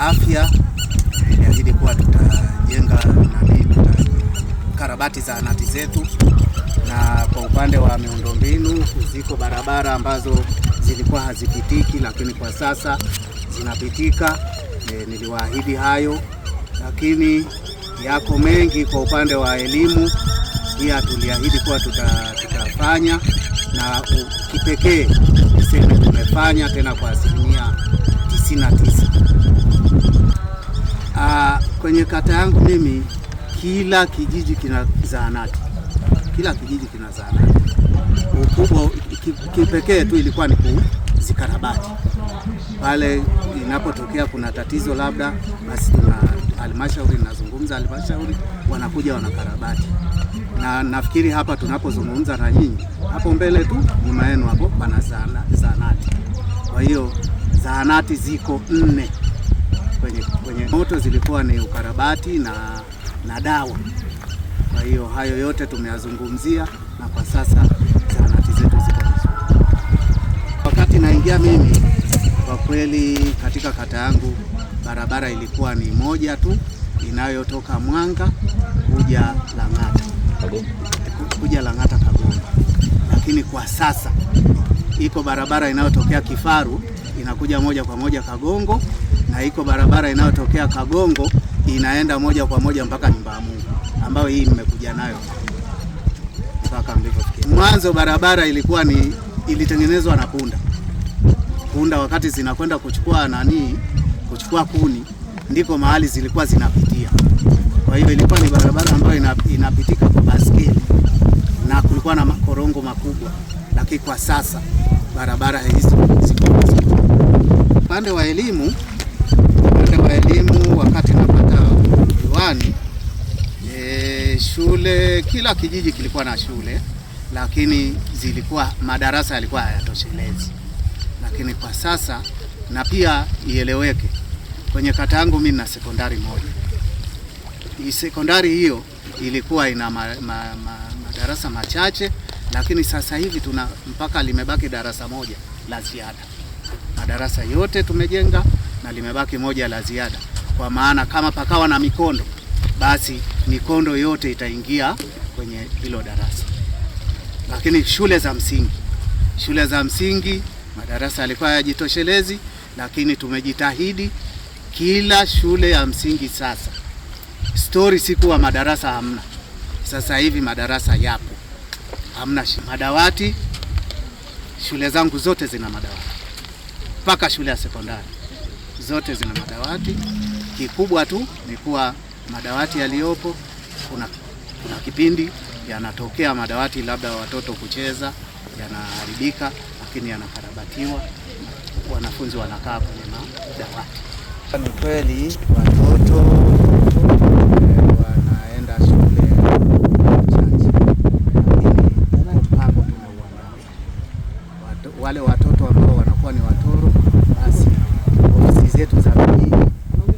afya. inazidi kuwa tutajenga nani, tutakarabati zahanati zetu, na kwa upande wa miundombinu ziko barabara ambazo zilikuwa hazipitiki, lakini kwa sasa zinapitika. E, niliwaahidi hayo, lakini yako mengi. Kwa upande wa elimu pia tuliahidi kuwa tuta, tutafanya na kipekee niseme tumefanya tena kwa asilimia 99. Uh, kwenye kata yangu mimi kila kijiji kina zahanati, kila kijiji kina zahanati. Ukubwa kipekee tu ilikuwa ni kuzikarabati pale inapotokea kuna tatizo labda, basi tuna halmashauri, nazungumza halmashauri, wanakuja wanakarabati. Na nafikiri hapa tunapozungumza na nyinyi, hapo mbele tu nyuma yenu hapo pana zahanati. Kwa hiyo zahanati ziko nne kwenye, kwenye moto zilikuwa ni ukarabati na, na dawa. Kwa hiyo hayo yote tumeyazungumzia na kwa sasa zahanati zetu ziko vizuri. Wakati naingia mimi, kwa kweli katika kata yangu barabara ilikuwa ni moja tu inayotoka Mwanga kuja Lang'ata kuja Lang'ata Kagoma, lakini kwa sasa iko barabara inayotokea Kifaru inakuja moja kwa moja Kagongo na iko barabara inayotokea Kagongo inaenda moja kwa moja mpaka nyumba ya Mungu ambayo hii nimekuja nayo mpaka nilipofikia. Mwanzo barabara ilikuwa ni ilitengenezwa na punda punda, wakati zinakwenda kuchukua nani, kuchukua kuni, ndiko mahali zilikuwa zinapitia. Kwa hiyo ilikuwa ni barabara ambayo inapitika kwa baskeli na kulikuwa na makorongo makubwa, lakini kwa sasa barabara hizi zipo. Upande wa elimu upande wa elimu, wakati napata diwani e, shule kila kijiji kilikuwa na shule, lakini zilikuwa madarasa yalikuwa hayatoshelezi. Lakini kwa sasa, na pia ieleweke, kwenye kata yangu mimi na sekondari moja. Hii sekondari hiyo ilikuwa ina ma, ma, ma, madarasa machache, lakini sasa hivi tuna mpaka limebaki darasa moja la ziada. Madarasa yote tumejenga na limebaki moja la ziada, kwa maana kama pakawa na mikondo, basi mikondo yote itaingia kwenye hilo darasa. Lakini shule za msingi, shule za msingi madarasa yalikuwa hayajitoshelezi, lakini tumejitahidi kila shule ya msingi sasa. Stori sikuwa madarasa hamna, sasa hivi madarasa yapo. Hamna madawati, shule zangu zote zina madawati mpaka shule ya sekondari zote zina madawati. Kikubwa tu ni kuwa madawati yaliyopo, kuna, kuna kipindi yanatokea madawati labda watoto kucheza yanaharibika, lakini yanakarabatiwa, wanafunzi wanakaa kwenye madawati. Ni kweli watoto zetu za bidii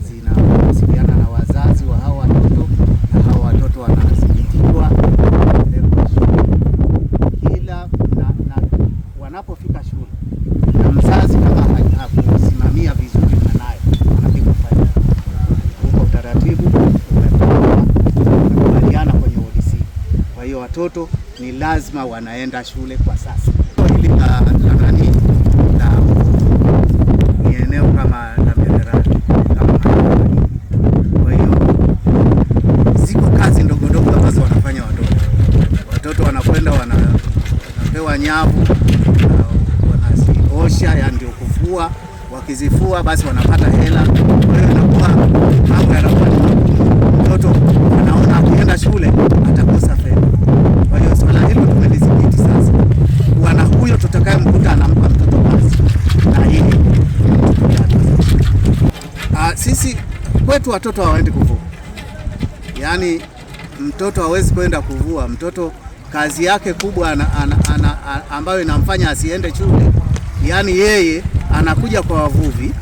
zinawasiliana na wazazi wa hao watoto na hao watoto wanathibitishwa kila na, na, wanapofika shule na mzazi kama hakusimamia vizuri mwanaye anapigwa faini. Huko utaratibu umekubaliana kwenye ODC. Kwa hiyo watoto ni lazima wanaenda shule kwa sasa. nyavu wanaziosha, yani ndio kufua. Wakizifua basi wanapata hela, kwa hiyo inakuwa mambo yanakuwa ni magumu. Mtoto anaona akienda shule atakosa fedha. Kwa hiyo swala hilo tumelidhibiti sasa, wana huyo huyo mkuta anampa mtoto basi na hili ah, sisi kwetu watoto hawaendi kuvua, yaani mtoto hawezi kwenda kuvua mtoto kazi yake kubwa ana, ana, ana, ana, ambayo inamfanya asiende shule, yaani yeye anakuja kwa wavuvi.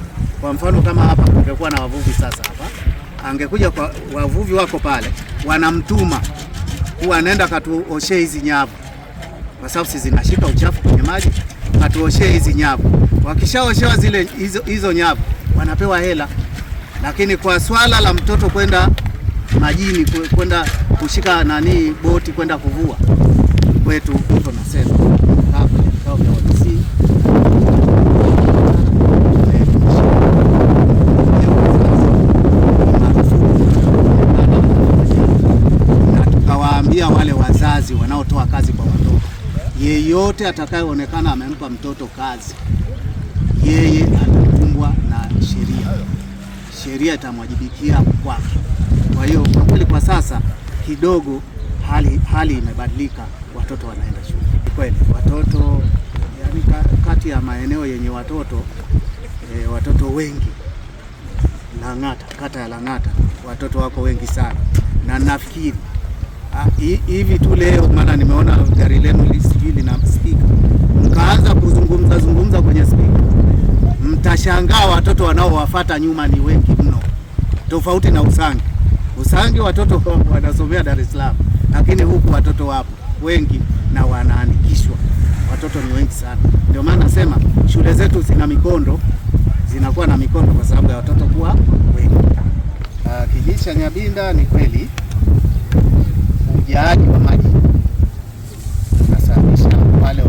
Kwa mfano kama hapa kungekuwa na wavuvi sasa, hapa angekuja kwa wavuvi wako pale, wanamtuma kuwa anaenda katuoshe hizi nyavu, kwa sababu si zinashika uchafu kwenye maji, katuoshe hizi nyavu. Wakishaoshewa zile hizo, hizo nyavu wanapewa hela. Lakini kwa swala la mtoto kwenda majini kwenda kushika nani boti kwenda kuvua kwetu huko, nasema hapa vikao vya wadisi na tukawaambia wale wazazi wanaotoa kazi kwa watoto, yeyote atakayeonekana amempa mtoto kazi, yeye atakumbwa na sheria, sheria itamwajibikia kwake. Kwa hiyo kwa kweli kwa sasa kidogo hali, hali imebadilika, watoto wanaenda shule. Kweli watoto yani, kati ya maeneo yenye watoto e, watoto wengi Lang'ata, kata ya Lang'ata watoto wako wengi sana, na nafikiri ah, hivi tu leo, maana nimeona gari lenu sijui lina spika, mkaanza kuzungumza zungumza kwenye spika, mtashangaa watoto wanaowafuata nyuma ni wengi mno, tofauti na Usangi. Usangi watoto wanasomea Dar es Salaam, lakini huku watoto wapo wengi na wanaandikishwa, watoto ni wengi sana. Ndio maana nasema shule zetu zina mikondo, zinakuwa na mikondo kwa sababu ya watoto kuwa wengi. Uh, kijiji cha Nyabinda ni kweli ujaaji wa maji unasababisha wale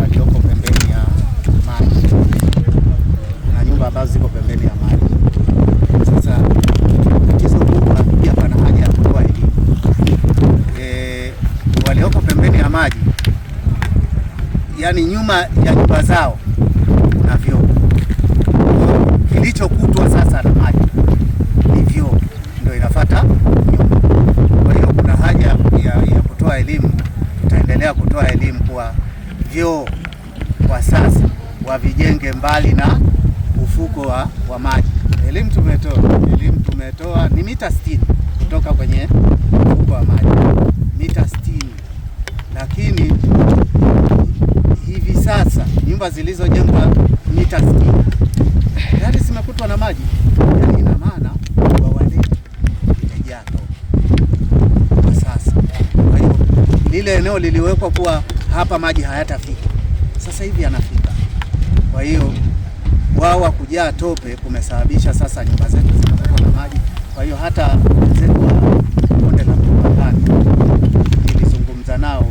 yani nyuma ya nyumba zao kuna vyoo. Kilichokutwa sasa na maji ni vyoo, ndio inafata nyumba. Kwa hiyo kuna haja ya, ya kutoa elimu. Tutaendelea kutoa elimu kwa vyoo kwa sasa wavijenge mbali na ufuko wa, wa maji. Elimu tumetoa, elimu tumetoa ni mita 60 kutoka kwenye ufuko wa maji mita 60 lakini nyumba zilizojengwa mita 60 tayari zimekutwa na maji, yaani ina maana bwawa letu limejaa kwa sasa. Kwa hiyo lile eneo liliwekwa kuwa hapa maji hayatafika, sasa hivi yanafika. Kwa hiyo bwawa kujaa tope kumesababisha sasa nyumba zetu zimekutwa na maji. Kwa hiyo hata wenzetu wa bonde la Mpangani nilizungumza nao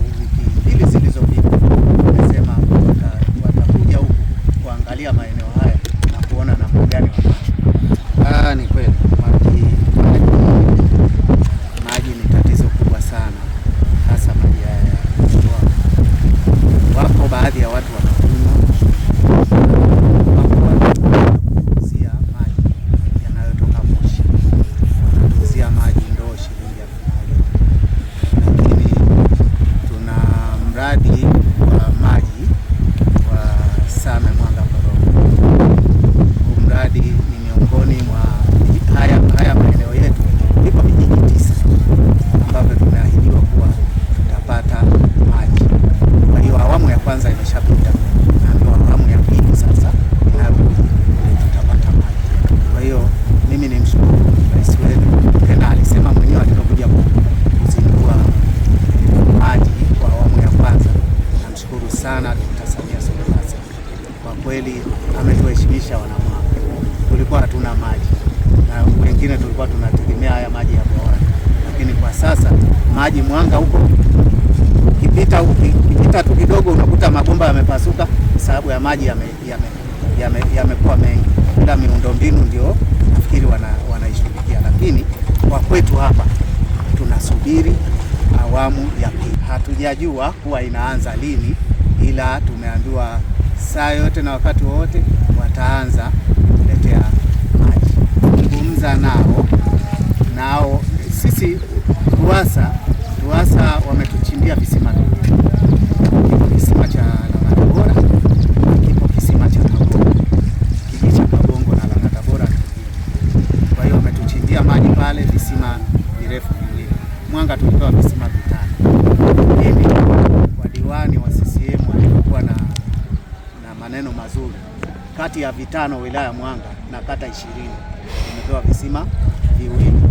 na maji, tulikuwa hatuna maji na wengine tulikuwa tunategemea haya maji ya bwawa, lakini kwa sasa maji Mwanga huko ukipita ukipita tu kidogo unakuta mabomba yamepasuka sababu ya maji yamekuwa yame, yame, yame mengi, ila miundombinu ndio nafikiri wanaishughulikia lakini kwa kwetu hapa tunasubiri awamu ya pili. Hatujajua huwa inaanza lini, ila tumeambiwa saa yote na wakati wowote wataanza kuletea maji, zungumza nao nao. Sisi RUWASA RUWASA wametuchimbia visima viwili, kipo kisima cha Lang'atabora, kipo kisima cha Kagongo, kijiji cha kabongo na Lang'atabora. Kwa hiyo wametuchimbia maji pale, visima virefu viwili. Mwanga tulipewa visima vitatu. kati ya vitano wilaya Mwanga na kata ishirini imepewa visima viwili.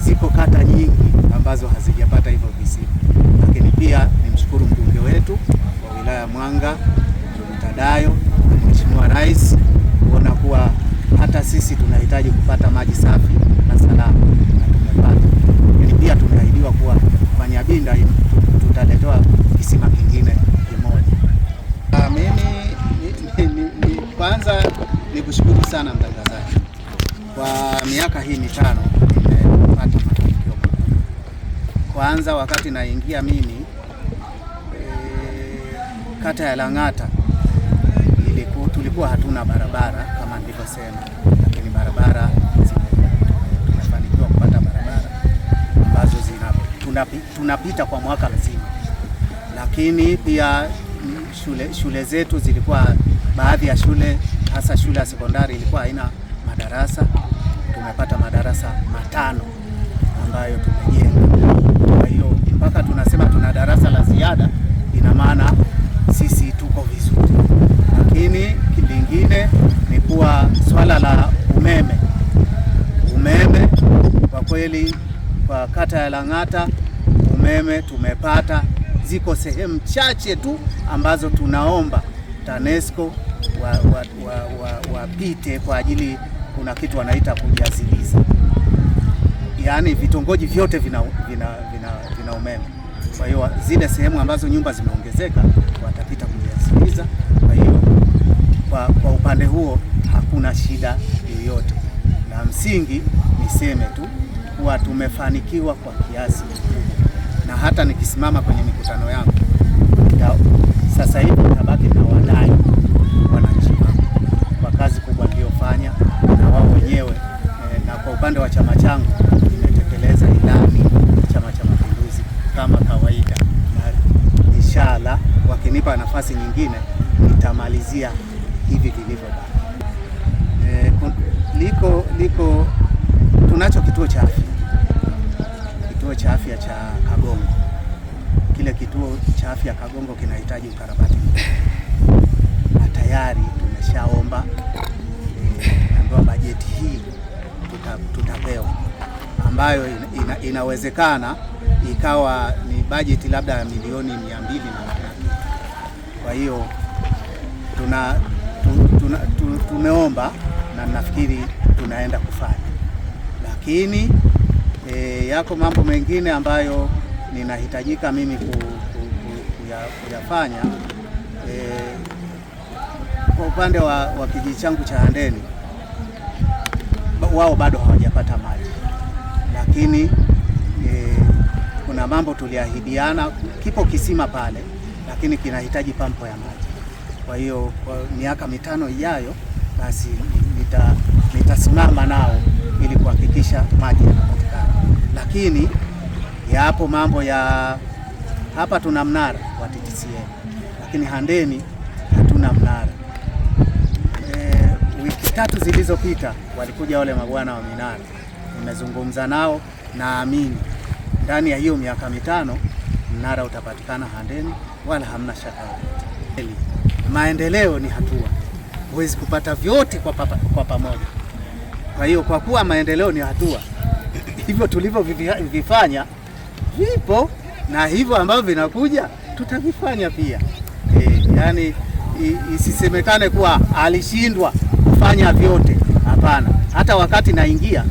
Ziko kata nyingi ambazo hazijapata hivyo visima, lakini pia nimshukuru mbunge wetu wa wilaya Mwanga Tadayo na Mheshimiwa Rais kuona kuwa hata sisi tunahitaji kupata maji safi. miaka hii mitano nimepata mafanikio makubwa. Kwanza wakati naingia mimi e, kata ya Lang'ata iliku, tulikuwa hatuna barabara kama nilivyosema, lakini barabara tumefanikiwa kupata barabara ambazo tunapita tuna kwa mwaka mzima, lakini pia mm, shule, shule zetu zilikuwa baadhi ya shule hasa shule ya sekondari ilikuwa haina madarasa tumepata madarasa matano ambayo tumejenga. Kwa hiyo mpaka tunasema tuna darasa la ziada, ina maana sisi tuko vizuri, lakini kilingine ni kuwa swala la umeme. Umeme kwa kweli kwa kata ya Lang'ata umeme tumepata, ziko sehemu chache tu ambazo tunaomba TANESCO wapite wa, wa, wa, wa kwa ajili kuna kitu wanaita kujaziliza, yaani vitongoji vyote vina, vina, vina, vina umeme. Kwa hiyo zile sehemu ambazo nyumba zimeongezeka watapita kujaziliza. Kwa hiyo kwa, kwa upande huo hakuna shida yoyote, na msingi niseme tu kuwa tumefanikiwa kwa kiasi kikubwa, na hata nikisimama kwenye mikutano yangu sasa hivi tabaki upande wa chama changu nimetekeleza ilani ya Chama cha Mapinduzi kama kawaida, na inshallah wakinipa nafasi nyingine nitamalizia hivi vilivyobaki. E, liko liko tunacho kituo cha afya, kituo cha afya cha Kagongo. Kile kituo cha afya Kagongo kinahitaji ukarabati na tayari ambayo ina, ina, inawezekana ikawa ni bajeti labda ya milioni mia mbili na kwa hiyo tuna, tu, tuna, tu, tumeomba na nafikiri tunaenda kufanya, lakini e, yako mambo mengine ambayo ninahitajika mimi ku, ku, ku, kuya, kuyafanya e, kwa upande wa, wa kijiji changu cha Handeni wao bado hawajapata maji lakini e, kuna mambo tuliahidiana. Kipo kisima pale, lakini kinahitaji pampo ya maji. Kwa hiyo kwa miaka mitano ijayo, basi nitasimama nao ili kuhakikisha maji yanapatikana, lakini yapo mambo ya hapa tuna mnara wa TTCL lakini Handeni hatuna mnara. E, wiki tatu zilizopita walikuja wale mabwana wa minara. Nimezungumza nao, naamini ndani ya hiyo miaka mitano mnara utapatikana Handeni, wala hamna shaka yoyote. Maendeleo ni hatua, huwezi kupata vyote kwa, papa, kwa pamoja. Kwa hiyo kwa kuwa maendeleo ni hatua, hivyo tulivyovifanya vipo na hivyo ambavyo vinakuja tutavifanya pia e, yani isisemekane kuwa alishindwa kufanya vyote. Hapana, hata wakati naingia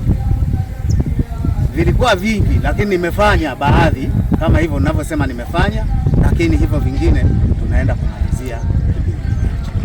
vilikuwa vingi, lakini nimefanya baadhi kama hivyo ninavyosema nimefanya, lakini hivyo vingine tunaenda